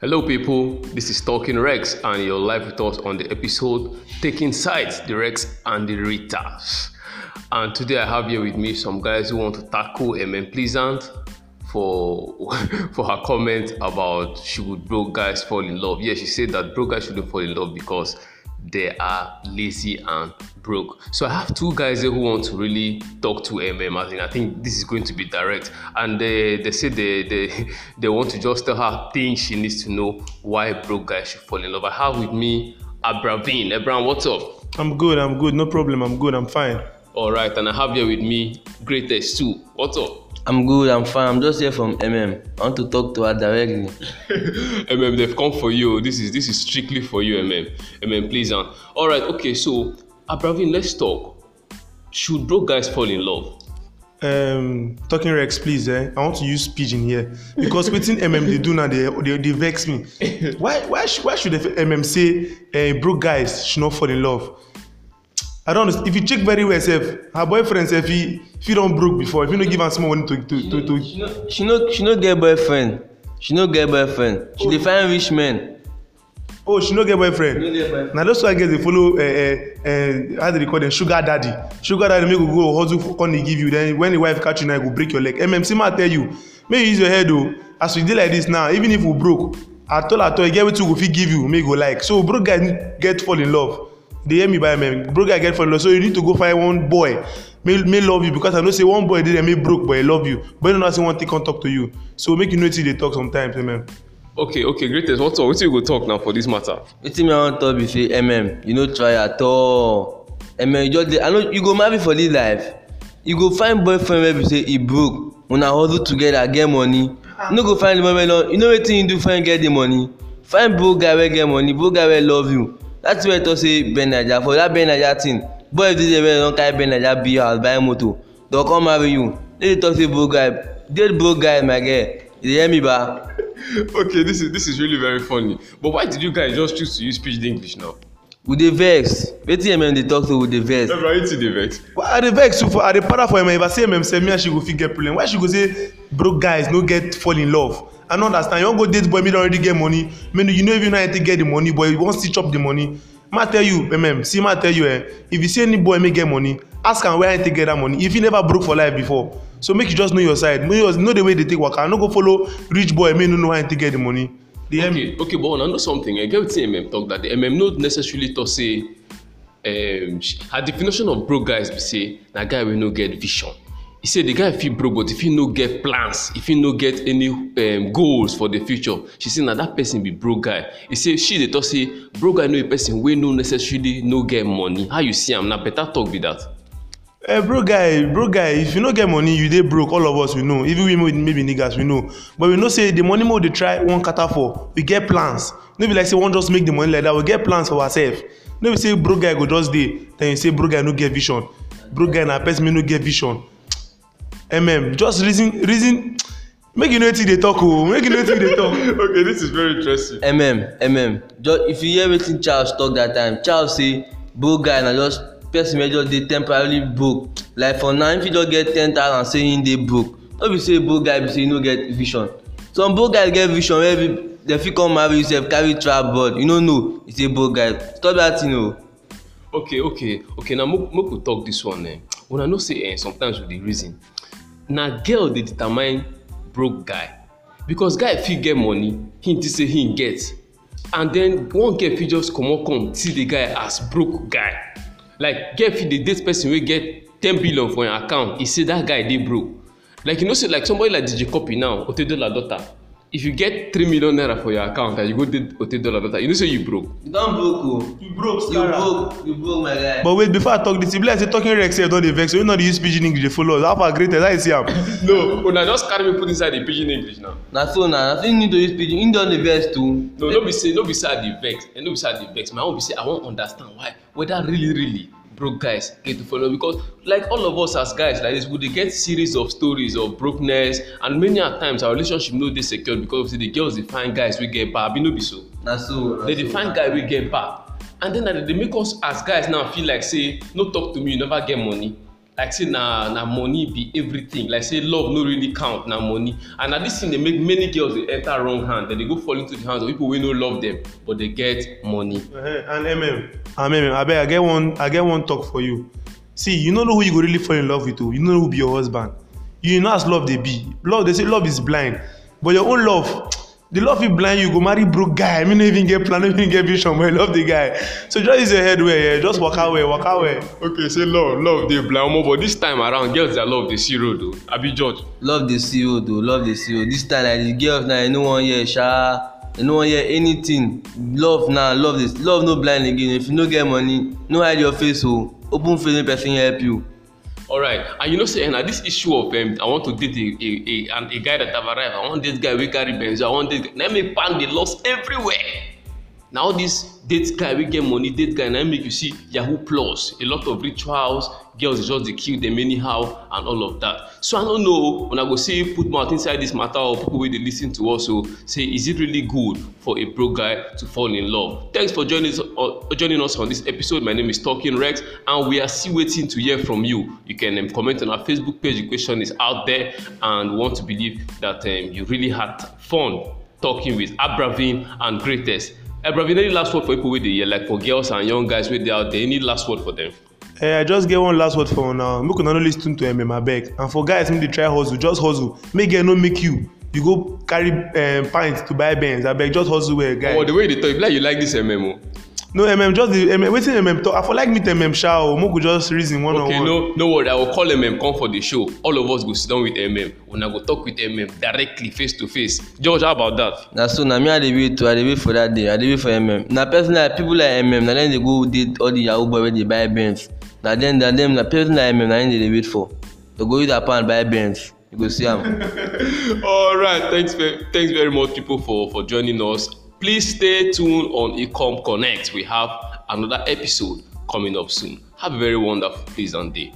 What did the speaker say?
Hello, people. This is Talking Rex, and your live with us on the episode Taking Sides, the Rex and the Ritas. And today I have here with me some guys who want to tackle a man pleasant for for her comment about she would broke guys fall in love. Yeah, she said that broke guys shouldn't fall in love because they are lazy and broke. So I have two guys who want to really talk to MM. As I think this is going to be direct, and they they say they they they want to just tell her things she needs to know why broke guys should fall in love. I have with me Abravin. Abram, what's up? I'm good. I'm good. No problem. I'm good. I'm fine. All right, and I have here with me Greatest too. What's up? I'm good, I'm fine. I'm just here from MM. I want to talk to her directly. MM, they've come for you. This is this is strictly for you, MM. MM, please. And all right, okay. So, Abravin, let's talk. Should broke guys fall in love? um, talking rex please eh? i want to use pigeon here because wetin mm they do now They they dey vex me why why sh why should mm say uh, broke guys should not fall in love i don't. understand if you check very well sef her boyfriend sef he fit don broke before if you no give am small money to to to. to. she no she no get boyfriend she no get boyfriend she oh. find rich men. oh she no get boyfriend, no get boyfriend. na those kind girls dey follow uh, uh, uh, how they dey call them sugar daddy sugar daddy make go go hustle for come dey give you then when the wife catch you now, you go break your leg mmc ma tell you make you use your head o oh. as we dey like this now even if we broke at all at all e get wetin we go fit give you make you go like so broke guys get fall in love dey hear me by my broke guy get follow so you need to go find one boy may may love you because i know say one boy dey there may broke but he love you but he no know say one thing come talk to you so make you know wetin you dey talk sometimes mm. okay okay greatest what talk wetin you go talk now for this matter. wetin me i wan talk be say mm you no try at all mm you just dey i know you go marry for this life you go find boyfriend wey be say he broke una hustle together get money you no go find the one wey love you know wetin you do find get the money find broke guy wey get money broke guy wey love you dat where i talk say ben naija for that ben naija thing boys dey there wey don carry ben naija be house buy motor dem come marry you no dey talk say bro guy date bro guy my girl you dey hear me ba. okay this is this is really very funny but why did you guys just choose to use pidgin english now. we dey vex wetin mm dey talk so we dey vex. ebra you too dey vex. well i dey vex too for i dey para for mm if i say mm sef me and she go fit get problem why she go say bro guys no get fall in love i no understand you wan go date boy wey don already get money may you no even know how to get the money but you wan still chop the money ma tell you mm see ma tell you eh if you see any boy wey get money ask am where i take get that money if he never broke for life before so make you just know your side know your know the way they take waka no go follow rich boy make no know how he take get the money. They okay okay but I know something I eh, get wetin mm talk that the mm no necessarily talk say eh, um, her definition of broke guys be say na guy wey no get vision He say the guy fit broke but e fit no get plans e fit no get any um, goals for the future she say na that person be broke guy He say she dey talk say broke guy no be person wey no necessarily no get money how you see am na better talk be that. Uh, broke guy broke guy if you no get money you dey broke all of us we know even we maybe niggas we know but we know say the money wey we dey try wan cater for we get plans no be like say we wan just make the money like that we get plans for ourselves no be say broke guy go just dey then you say broke guy no get vision Broke guy na person wey no get vision mm just reason reason make you know wetin you dey talk o oh, make you know wetin you dey talk. okay this is very interesting. mm mm just if you hear wetin charles talk that time charles say broke guy na just person wey just dey temporarily broke like for now if you just get ten thousand say him dey broke no be say broke guy be say you no get vision some broke guys get vision wey dem fit come marry you sef carry trap board you no know he say broke guy stop that thing o. Oh. okay okay okay now make we talk this one eh una know say eh, sometimes we dey reason na girl dey determine broke guy because guy fit get money him think say him get and then one girl fit just comot come see the guy as broke guy like girl fit dey date person wey get ten billion for im account e say that guy dey broke like you know say like somebody like dj copy now otedola daughter if you get three million naira for your account and you go dey ote dollar data you know say you broke. you don broke o. you broke scara you broke you broke my guy. but wait before i talk this e be like say talking rec sef don dey vex so you no dey use pidgin english dey follow us how far great as i see am. no una just carry me put inside the pidgin english now. na so na na so you need to use pidgin e don dey vex too. no no be say no be say i dey vex and eh, no be say i dey vex my own be say i wan understand why whether really really broke guys get to follow because like all of us as guys like this we dey get series of stories of brokenness and many a times our relationship no dey secure because say the girls dey find guys wey get bar abi no be so na so na so they dey find guy wey get bar and then na dey make us as guys now feel like say no talk to me you never get money like say na na money be everything like say love no really count na money and na this thing dey make many girls dey enter wrong hand dem dey go fall into the hands of people wey no love them but dey get money. Uh-huh. and mm and mm abeg i get one i get one talk for you see you no know who you go really fall in love with o oh. you no know who be your husband you know as love dey be love dey say love is blind but your own love the love fit blind you go marry broke guy i mean no even get plan no even get vision but you love the guy so just use your head well yeah just waka well waka well. okay say love love dey blind omo but this time around girls their love dey see road o oh. abi george. love dey see road o oh, love dey see road this time like the girls na i no wan hear sha i no wan hear anything love na love dey love no blind again if you no get money no hide your face o oh. open face make person help you all right and you know say na this issue of um, i want to date a a a and a guy that have arrived i want date guy wey carry benzo i want date na me pan dey loss everywhere na all this date guy wey get money date guy na make you see yahoo plus a lot of rituals girls just dey kill them anyhow and all of that so i no know una go see put mouth inside this matter or people wey dey lis ten to us o say is it really good for a broke guy to fall in love thanks for joining us, uh, joining us on this episode my name is talking rex and we are still waiting to hear from you you can um, comment on our facebook page the question is out there and we want to believe that um, you really had fun talking with abravin and greatest Ebrahim, eh, any last word for people with the year, like for girls and young guys with the out there any last word for them. Eh, I just get one last word for una make una no lis ten to um, back. and for guys make dey try hustle just hustle make girl no make you you go carry um, pint to buy I beg just hustle well guy. oh, the way they talk like you like this mm o no mm just the mm wetin mm talk i for like meet mm sha o oh, make we just reason one on one. okay no no worry i go call mm come for the show all of us go sit down with mm una go talk with mm directly face to face george how about that. na so na me i dey wait oh, i dey wait for that day i dey wait for mm na personally people like mm na dem dey go date all the yahoo boy wey dey buy benz na dem na dem na person like mm na dem dey dey wait for to go use pan buy benz you go see am. all right thanks thanks very much people for for joining us Please stay tuned on Ecom Connect. We have another episode coming up soon. Have a very wonderful, pleasant day.